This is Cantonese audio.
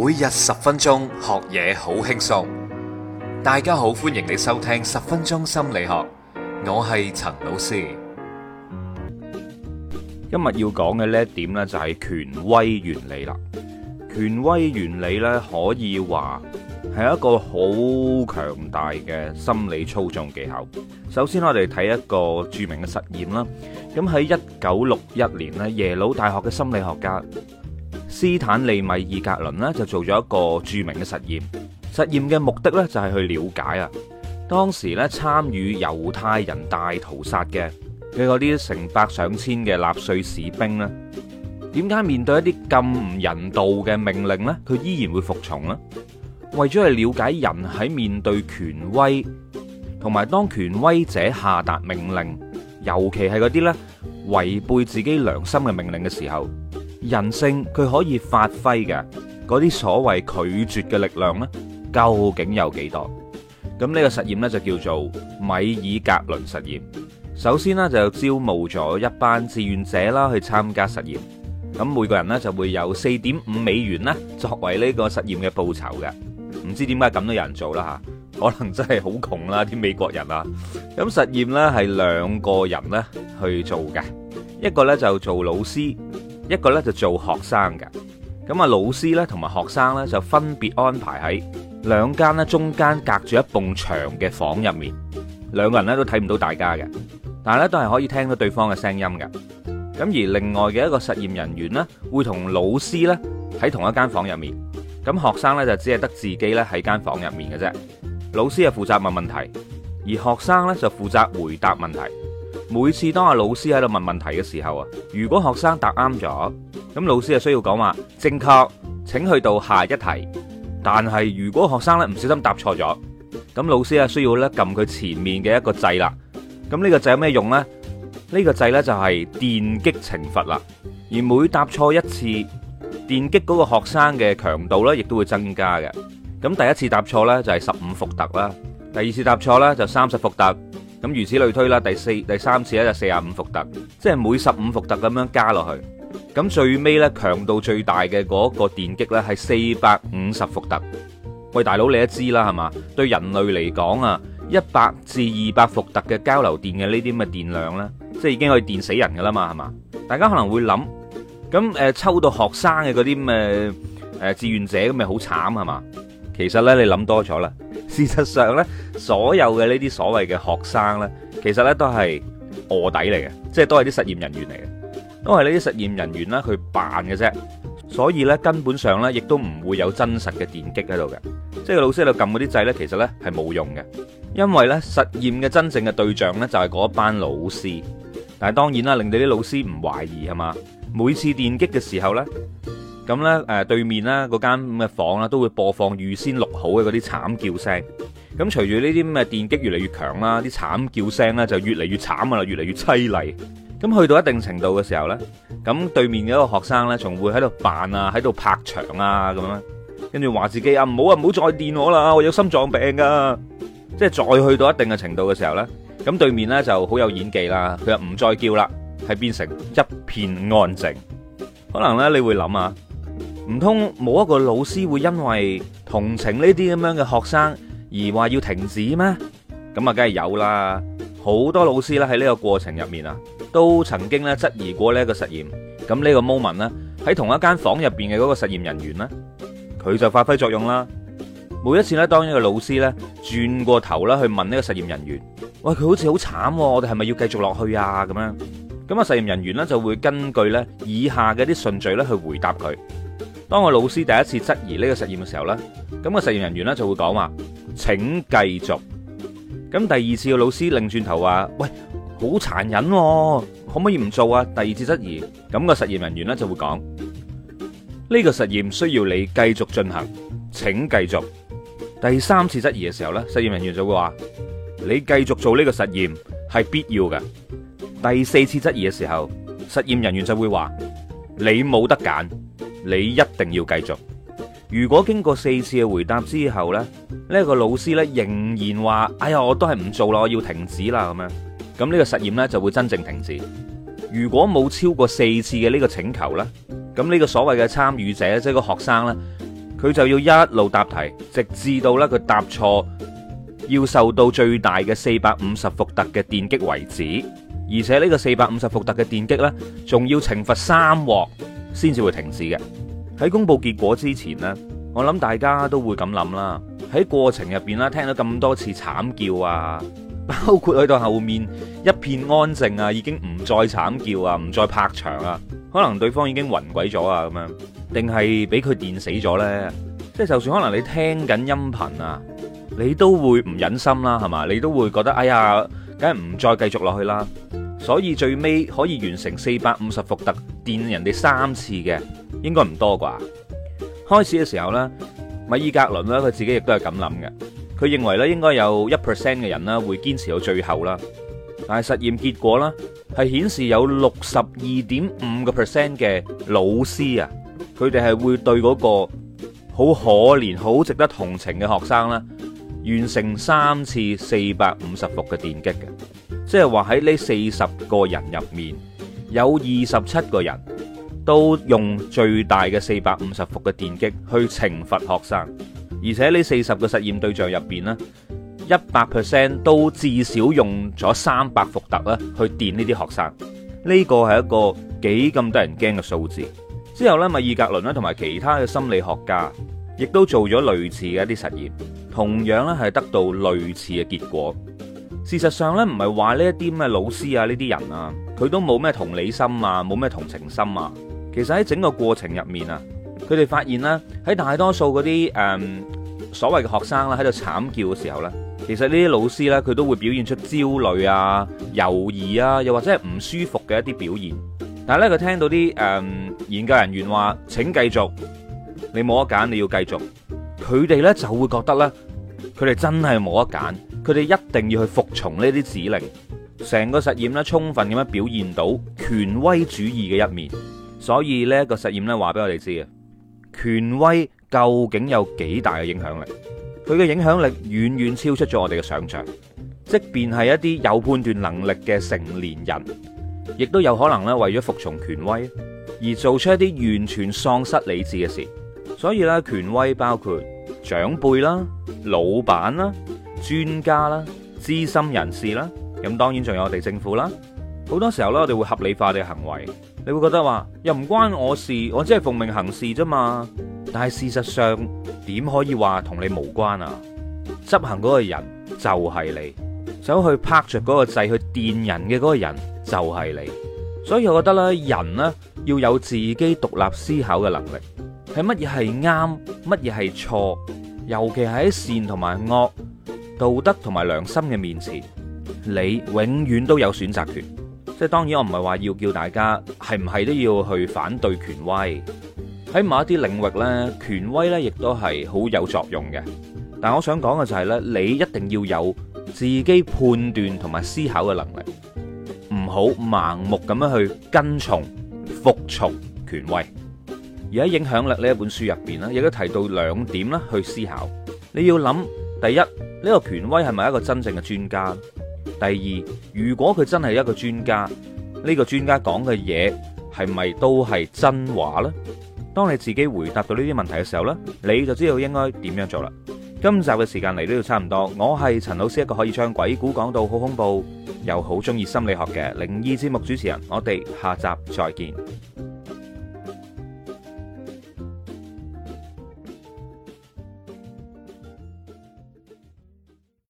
每日十分鐘學嘢好輕鬆，大家好，歡迎你收聽十分鐘心理學，我係陳老師。今日要講嘅呢一點呢，就係權威原理啦。權威原理呢，可以話係一個好強大嘅心理操縱技巧。首先我哋睇一個著名嘅實驗啦。咁喺一九六一年呢，耶魯大學嘅心理學家。斯坦利·米爾格倫呢，就做咗一個著名嘅實驗，實驗嘅目的呢，就係去了解啊，當時呢參與猶太人大屠殺嘅佢嗰啲成百上千嘅納粹士兵呢，點解面對一啲咁唔人道嘅命令呢，佢依然會服從呢？為咗去了解人喺面對權威同埋當權威者下達命令，尤其係嗰啲呢違背自己良心嘅命令嘅時候，人性佢可以發揮嘅嗰啲所謂拒絕嘅力量呢，究竟有幾多？咁呢個實驗呢，就叫做米爾格倫實驗。首先呢，就招募咗一班志願者啦去參加實驗。咁每個人呢，就會有四點五美元呢作為呢個實驗嘅報酬嘅。唔知點解咁多人做啦吓？可能真係好窮啦啲美國人啊。咁實驗呢係兩個人呢去做嘅，一個呢，就做老師。一個咧就做學生嘅，咁啊老師咧同埋學生咧就分別安排喺兩間咧中間隔住一埲牆嘅房入面，兩個人咧都睇唔到大家嘅，但係咧都係可以聽到對方嘅聲音嘅。咁而另外嘅一個實驗人員咧會同老師咧喺同一間房入面，咁學生咧就只係得自己咧喺間房入面嘅啫，老師係負責問問題，而學生咧就負責回答問題。每次當阿老師喺度問問題嘅時候啊，如果學生答啱咗，咁老師啊需要講話正確，請去到下一題。但係如果學生咧唔小心答錯咗，咁老師啊需要咧撳佢前面嘅一個掣啦。咁呢個掣有咩用呢？呢個掣咧就係電擊懲罰啦。而每答錯一次，電擊嗰個學生嘅強度咧亦都會增加嘅。咁第一次答錯咧就係十五伏特啦，第二次答錯咧就三十伏特。咁如此類推啦，第四第三次咧就四十五伏特，即係每十五伏特咁樣加落去。咁最尾咧強度最大嘅嗰個電擊咧係四百五十伏特。喂，大佬你都知啦係嘛？對人類嚟講啊，一百至二百伏特嘅交流電嘅呢啲咁嘅電量咧，即係已經可以電死人噶啦嘛係嘛？大家可能會諗，咁誒抽到學生嘅嗰啲咁誒志願者咁咪好慘係嘛？其實咧你諗多咗啦，事實上咧。所有嘅呢啲所謂嘅學生呢，其實呢都係臥底嚟嘅，即係都係啲實驗人員嚟嘅。因為呢啲實驗人員呢去扮嘅啫，所以呢根本上呢亦都唔會有真實嘅電擊喺度嘅。即係老師喺度撳嗰啲掣呢，其實呢係冇用嘅，因為呢實驗嘅真正嘅對象呢就係嗰班老師。但係當然啦，令到啲老師唔懷疑係嘛？每次電擊嘅時候呢，咁呢誒對面啦嗰間咁嘅房啦，都會播放預先錄好嘅嗰啲慘叫聲。咁，隨住呢啲咁嘅電擊越嚟越強啦，啲慘叫聲咧就越嚟越慘啊，越嚟越淒厲。咁去到一定程度嘅時候呢，咁對面嘅一個學生呢，仲會喺度扮啊，喺度拍牆啊，咁樣跟住話自己啊，唔好啊，唔好再電我啦，我有心臟病噶。即係再去到一定嘅程度嘅時候呢，咁對面呢就好有演技啦，佢又唔再叫啦，係變成一片安靜。可能呢，你會諗啊，唔通冇一個老師會因為同情呢啲咁樣嘅學生而話要停止咩？咁啊，梗係有啦。好多老師咧喺呢個過程入面啊，都曾經咧質疑過呢一個實驗。咁呢個 moment 咧喺同一間房入邊嘅嗰個實驗人員咧，佢就發揮作用啦。每一次咧，當一個老師咧轉過頭啦去問呢個實驗人員：喂，佢好似好慘，我哋係咪要繼續落去啊？咁樣咁啊，那個、實驗人員咧就會根據咧以下嘅啲順序咧去回答佢。當個老師第一次質疑呢個實驗嘅時候咧，咁、那個實驗人員咧就會講話。請繼續。咁第二次個老師擰轉頭話：喂，好殘忍，可唔可以唔做啊？第二次質疑，咁個實驗人員咧就會講：呢個實驗需要你繼續進行，請繼續。第三次質疑嘅時候咧，實驗人員就會話：你繼續做呢個實驗係必要嘅。第四次質疑嘅時候，實驗人員就會話：你冇得揀，你一定要繼續。如果經過四次嘅回答之後咧，呢個老師咧仍然話：哎呀，我都係唔做啦，我要停止啦，咁樣，咁呢個實驗呢就會真正停止。如果冇超過四次嘅呢個請求呢，咁呢個所謂嘅參與者，即係個學生呢，佢就要一路答題，直至到呢佢答錯，要受到最大嘅四百五十伏特嘅電擊為止，而且呢個四百五十伏特嘅電擊呢，仲要懲罰三鑊先至會停止嘅。喺公布結果之前呢，我諗大家都會咁諗啦。喺過程入邊啦，聽到咁多次慘叫啊，包括去到後面一片安靜啊，已經唔再慘叫啊，唔再拍牆啊，可能對方已經暈鬼咗啊，咁樣，定係俾佢電死咗呢？即係就算可能你聽緊音頻啊，你都會唔忍心啦，啊，係嘛？你都會覺得哎呀，梗係唔再繼續落去啦。所以最尾可以完成四百五十伏特電人哋三次嘅。應該唔多啩。開始嘅時候咧，米爾格倫咧，佢自己亦都係咁諗嘅。佢認為咧，應該有一 percent 嘅人啦，會堅持到最後啦。但係實驗結果咧，係顯示有六十二點五個 percent 嘅老師啊，佢哋係會對嗰個好可憐、好值得同情嘅學生咧，完成三次四百五十伏嘅電擊嘅。即係話喺呢四十個人入面，有二十七個人。都用最大嘅四百五十伏嘅電擊去懲罰學生，而且呢四十個實驗對象入邊呢，一百 percent 都至少用咗三百伏特，啦去電呢啲學生。呢個係一個幾咁得人驚嘅數字。之後呢，米爾格倫咧同埋其他嘅心理學家，亦都做咗類似嘅一啲實驗，同樣咧係得到類似嘅結果。事實上呢，唔係話呢一啲咩老師啊、呢啲人啊，佢都冇咩同理心啊，冇咩同情心啊。其實喺整個過程入面啊，佢哋發現咧，喺大多數嗰啲誒所謂嘅學生啦，喺度慘叫嘅時候咧，其實呢啲老師咧，佢都會表現出焦慮啊、猶豫啊，又或者係唔舒服嘅一啲表現。但係咧，佢聽到啲誒、嗯、研究人員話，請繼續，你冇得揀，你要繼續，佢哋咧就會覺得咧，佢哋真係冇得揀，佢哋一定要去服從呢啲指令。成個實驗咧，充分咁樣表現到權威主義嘅一面。所以呢個實驗呢，話俾我哋知啊，權威究竟有幾大嘅影響力？佢嘅影響力遠遠超出咗我哋嘅想象。即便係一啲有判斷能力嘅成年人，亦都有可能咧為咗服從權威而做出一啲完全喪失理智嘅事。所以咧，權威包括長輩啦、老闆啦、專家啦、資深人士啦，咁當然仲有我哋政府啦。好多時候咧，我哋會合理化你嘅行為，你會覺得話又唔關我事，我只係奉命行事啫嘛。但係事實上點可以話同你無關啊？執行嗰個人就係你，走去拍着嗰個掣去電人嘅嗰個人就係你。所以我覺得咧，人呢要有自己獨立思考嘅能力，係乜嘢係啱，乜嘢係錯，尤其係喺善同埋惡、道德同埋良心嘅面前，你永遠都有選擇權。即係當然，我唔係話要叫大家係唔係都要去反對權威。喺某一啲領域咧，權威咧亦都係好有作用嘅。但我想講嘅就係、係、咧，你一定要有自己判斷同埋思考嘅能力，唔好盲目咁樣去跟從服從權威。而喺《影響力》呢一本書入邊咧，亦都提到兩點啦，去思考。你要諗第一，呢、呢個權威係咪一個真正嘅專家？第二，如果佢真係一個專家，呢個專家講嘅嘢係咪都係真話呢？當你自己回答到呢啲問題嘅時候呢，你就知道應該點樣做啦。今集嘅時間嚟到差唔多，我係陳老師，一個可以將鬼故講到好恐怖，又好中意心理學嘅靈異節目主持人，我哋下集再見。